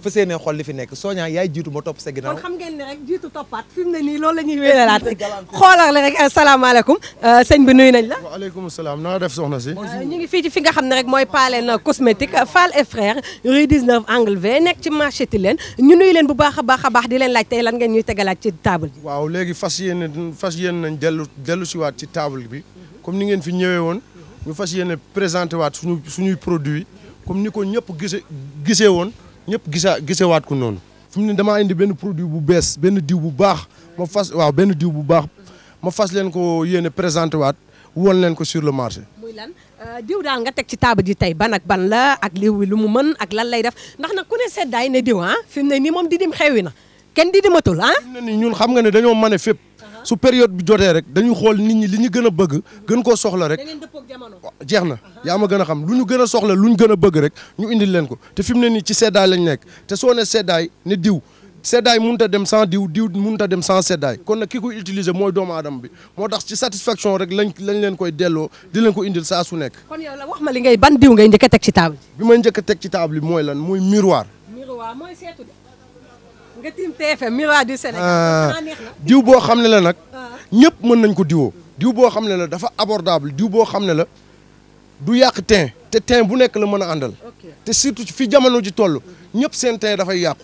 fa seenee xool li fi nekk soo Sonia yaay jiitu ma topp sa ginnaaw. kon xam ngeen ne rek jiitu toppaat fi mu ne nii loolu la ñuy wéyalaat rek xoolal euh, bi nuyu nañ la. waaleykum salaam na def soxna si. Euh, ñu ngi fii ci fi nga xam ne rek mooy Palen euh, cosmétique Fall et frère rue 19 angle V nekk ci marché Tilène ñu nuyu leen bu baax a baax a baax di leen laaj tey lan ngeen ñuy tegalaat ci table bi. waaw léegi fas yéene fas yéene nañ dellu dellu si waat ci table bi comme ni ngeen fi ñëwee woon ñu fas yéene présenté waat suñuy produit comme ni ko ñëpp gisee gisee woon ñëpp gisa waat ko noonu fi mu ne damaa indi benn produit bu bees benn diw bu baax ma fas waaw benn diw bu baax ma fas leen ko yéene présenté waat woon leen ko sur le marché. muy lan euh, diw daal nga teg ci taaba ji tey ban ak ban la ak liw lu mu mën ak lan lay def ndax nag ku ne yi ne diw ah fi mu ne nii moom didim xewi na kenn di didimmatul ah. fi ne nii ñun xam nga ne dañoo mën a fépp. su période bi jotee rek dañuy xool nit ñi li ñu gën a bëgg gën koo soxla rek jeex na yaa ma gën a xam lu ñu gën a soxla lu ñu gën a bëgg rek ñu indi leen ko te fi mu ne nii ci seddaay lañ nekk te soo ne seddaay ne diw seddaay mënut a dem sans diw diw mënut a dem sans seddaay kon nag ki koy utiliser mooy doomu aadama bi moo tax ci satisfaction rek lañ lañ leen koy delloo di leen ko indil saa su nekk. kon yow wax ma li ngay ban diw ngay njëkk teg ci table. bi may njëkk teg ci table bi mooy lan mooy miroir. miroir nga tiim TFM miroir du Sénégal. Ah. diw boo xam ne la nag. Ah. ñëpp mën nañ ko diwoo. diw boo xam ne la dafa abordable diw boo xam ne la du yàq teint. te teen bu nekk la mën a àndal. te surtout fi jamono ji toll. ñëpp seen teint dafay yàqu.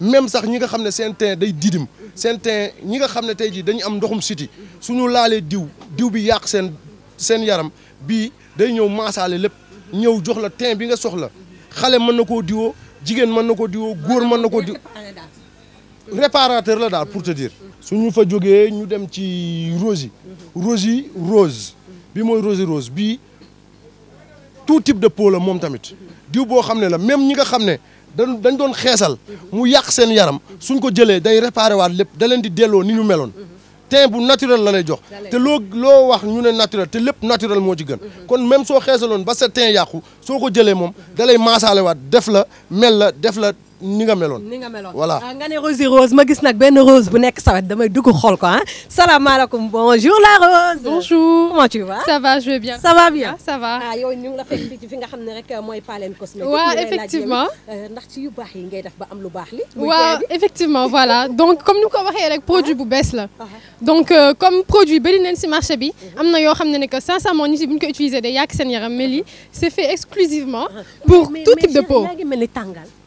même sax ñi nga xam ne seen teint day didim. seen teint ñi nga xam ne tey jii dañu am ndoxum siti suñu laalee diw diw bi yàq seen seen yaram bi day ñëw maasaale lépp. ñëw jox la teint bi nga soxla. xale mën na koo diwoo jigéen mën na koo diwoo góor mën na koo diw. réparateur là dal pour te dire suñu fa jógee ñu dem ci Rosy Rosy rose bi moy Rosy rose bi tout type de peau la mom tamit diw bo xamné la même ñi nga xamné dañ dañ doon xeesal mu yak seen yaram suñ ko jëlé day réparé waat lépp da leen di ni ñu meloon teint bu naturel la lay jox te lo lo wax ñu né naturel te lépp naturel mo ci gën kon même so xéssalon ba sa teint yàqu soo ko jëlee moom da lay waat def la mel la def la ni nga meloon ni nga meloon voilà ah, nga ne Rose Rose ma gis nag benn Rose bu nekk sawet damay dugg xool ko ah salaamaaleykum bonjour la Rose. bonjour comment tu vas. ça va je vais bien. ça va bien ah, ça va. ah yo, ñu la fekk fii fi nga xam ne rek mooy Palen Cosmétique. waaw effectivement euh, ndax ci yu baax yi ngay def ba am lu baax li. waaw effectivement voilà donc comme nous ko waxee rek produit bu bees la. Ah, donc euh, comme produit bëri nañ si marché bi. am na yoo xam ne ne que sincèrement nit yi bu ñu ko utilisé day yàq seen yaram mais c'est fait exclusivement. pour tout type de peau mais mais mel ni tàngal.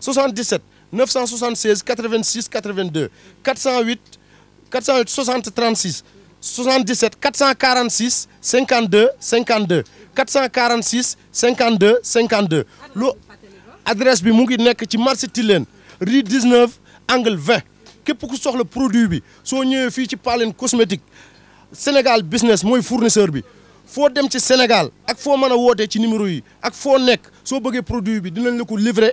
77 976 86 82 408 408 60 36 77 446 52 52 446 52 52 adresse bi mu ngi ci rue 19 angle 20 képp ku soxla produit bi so ñëwee fi ci Palen cosmétique Sénégal business moy fournisseur bi fo dem ci Sénégal ak fo mëna woté ci numéro yi ak fo nek so produit bi dinañ livrer